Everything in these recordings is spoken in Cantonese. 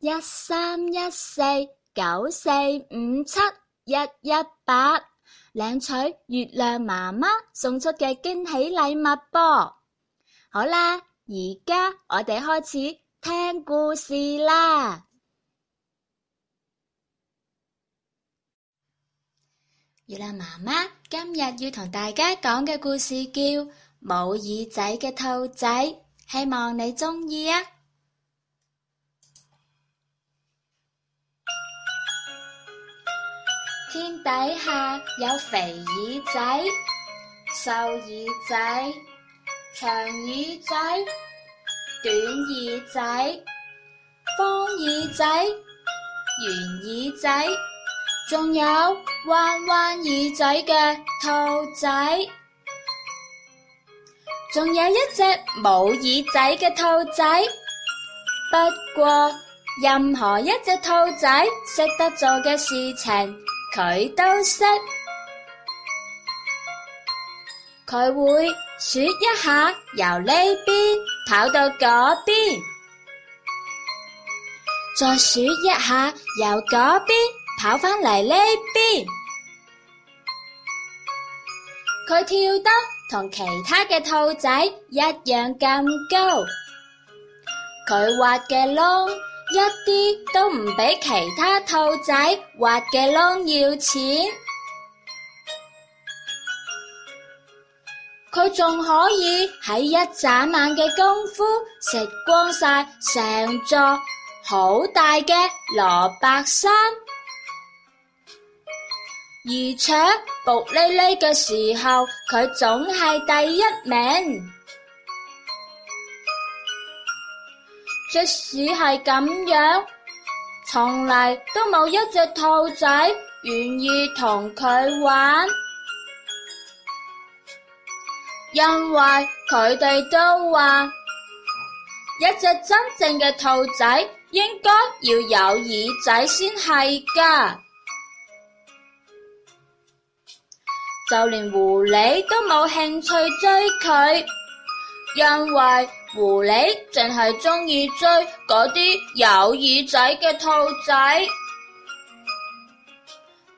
一三一四九四五七一一八，14, 7, 8，領取月亮媽媽送出嘅驚喜禮物啵！好啦，而家我哋開始聽故事啦。月亮媽媽今日要同大家講嘅故事叫《冇耳仔嘅兔仔》，希望你鍾意啊！天底下有肥耳仔、瘦耳仔、長耳仔、短耳仔、方耳仔、圓耳仔，仲有彎彎耳仔嘅兔仔，仲有一隻冇耳仔嘅兔仔。不過，任何一隻兔仔識得做嘅事情。佢都識，佢會數一下由呢邊跑到嗰邊，再數一下由嗰邊跑翻嚟呢邊。佢跳得同其他嘅兔仔一樣咁高，佢畫嘅窿。一啲都唔俾其他兔仔挖嘅窿要錢，佢仲可以喺一眨眼嘅功夫食光晒成座好大嘅蘿蔔山，而且伏匿匿嘅時候佢總係第一名。即使係咁樣，從嚟都冇一隻兔仔願意同佢玩，因為佢哋都話，一隻真正嘅兔仔應該要有耳仔先係噶，就連狐狸都冇興趣追佢。因為狐狸淨係中意追嗰啲有耳仔嘅兔仔，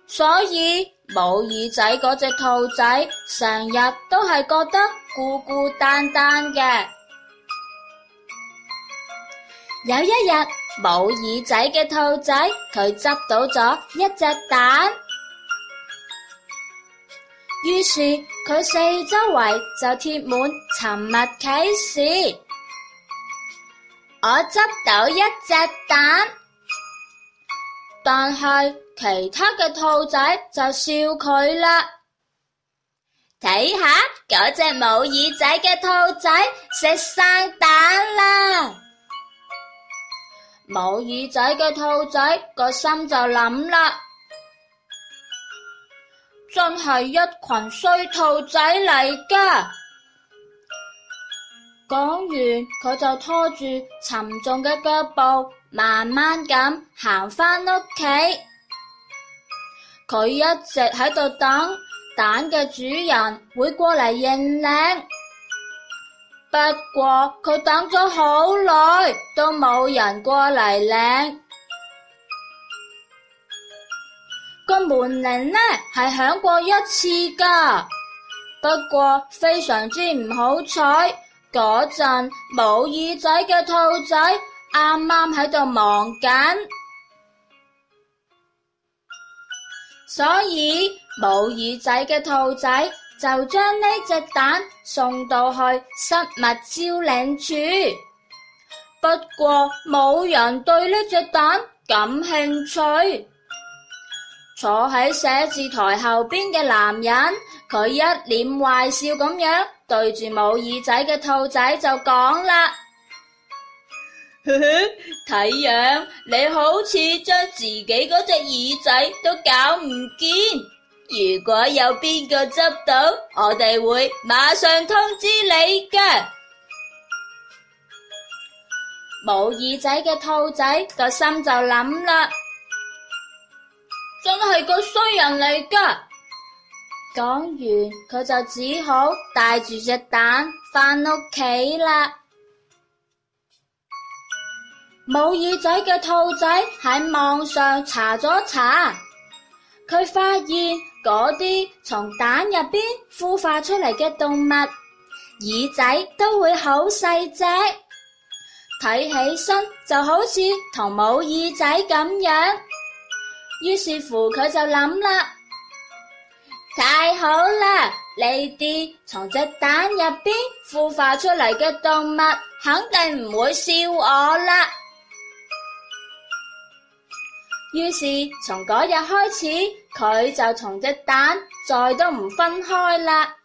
所以冇耳仔嗰隻兔仔成日都係覺得孤孤單單嘅。有一日，冇耳仔嘅兔仔佢執到咗一隻蛋。於是佢四周圍就貼滿尋物啟事，我執到一隻蛋，但係其他嘅兔仔就笑佢啦。睇下嗰隻冇耳仔嘅兔仔食晒蛋啦，冇耳仔嘅兔仔個心就諗啦。真係一群衰兔仔嚟㗎！講完佢就拖住沉重嘅腳步，慢慢咁行返屋企。佢一直喺度等蛋嘅主人會過嚟認領，不過佢等咗好耐都冇人過嚟領。個門鈴呢係響過一次噶，不過非常之唔好彩，嗰陣冇耳仔嘅兔仔啱啱喺度忙緊，所以冇耳仔嘅兔仔就將呢隻蛋送到去失物招領處，不過冇人對呢隻蛋感興趣。坐喺寫字台後邊嘅男人，佢一臉壞笑咁 樣對住冇耳仔嘅兔仔就講啦：呵呵，睇樣你好似將自己嗰隻耳仔都搞唔見。如果有邊個執到，我哋會馬上通知你嘅。冇耳仔嘅兔仔個心就諗啦。真係個衰人嚟㗎！講完佢就只好帶住隻蛋返屋企啦。冇耳仔嘅兔仔喺網上查咗查，佢發現嗰啲從蛋入邊孵化出嚟嘅動物，耳仔都會好細隻，睇起身就好似同冇耳仔咁樣。於是乎佢就諗啦，太好啦！你哋從隻蛋入邊孵 化出嚟嘅動物肯定唔會笑我啦。於 是從嗰日開始，佢 就同隻蛋再都唔分開啦。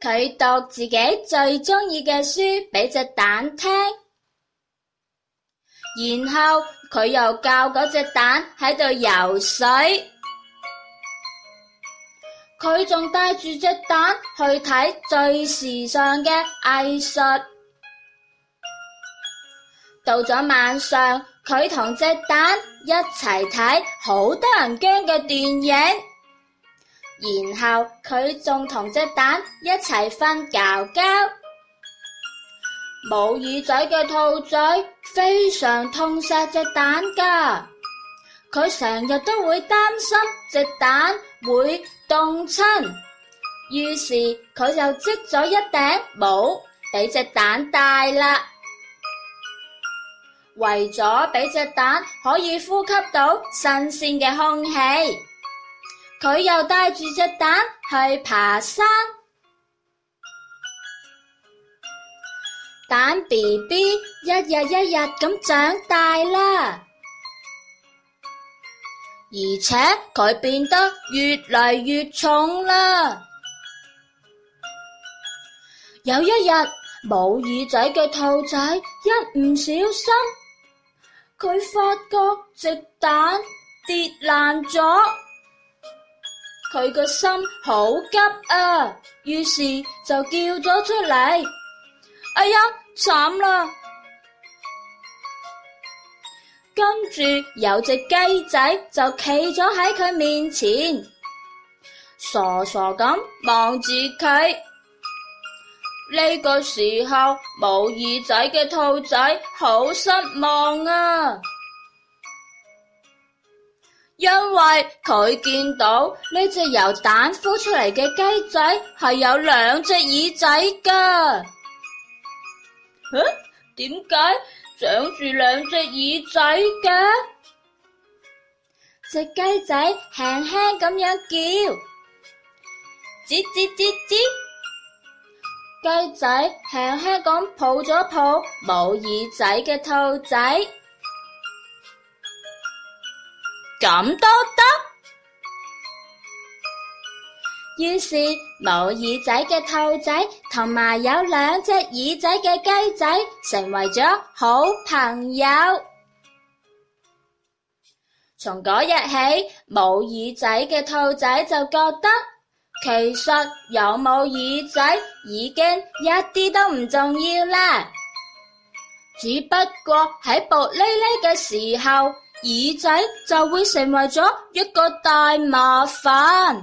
佢 讀自己最中意嘅書俾隻蛋聽。然後佢又教嗰隻蛋喺度游水，佢仲帶住隻蛋去睇最時尚嘅藝術。到咗晚上，佢同隻蛋一齊睇好多人驚嘅電影，然後佢仲同隻蛋一齊瞓覺覺。冇耳仔嘅兔仔非常痛錫隻蛋㗎，佢成日都會擔心隻蛋會凍親，於是佢就織咗一頂帽俾隻蛋戴啦，為咗俾隻蛋可以呼吸到新鮮嘅空氣，佢又帶住隻蛋去爬山。蛋 B B 一日一日咁長大啦，而且佢變得越嚟越重啦。 有一日，冇耳仔嘅兔仔一唔小心，佢發覺隻蛋跌爛咗，佢個心好急啊，於是就叫咗出嚟。哎呀，慘啦！跟住有隻雞仔就企咗喺佢面前，傻傻咁望住佢。呢、這個時候，冇耳仔嘅兔仔好失望啊，因為佢見到呢隻由蛋孵出嚟嘅雞仔係有兩隻耳仔噶。嚇？點解長住兩隻耳仔嘅隻雞仔輕輕咁樣叫？吱吱吱吱！雞仔輕輕咁抱咗抱冇耳仔嘅兔仔，咁多。於是，冇耳仔嘅兔仔同埋有兩隻耳仔嘅雞仔成為咗好朋友。從嗰日起，冇耳仔嘅兔仔就覺得其實有冇耳仔已經一啲都唔重要啦。只不過喺薄呢呢嘅時候，耳仔就會成為咗一個大麻煩。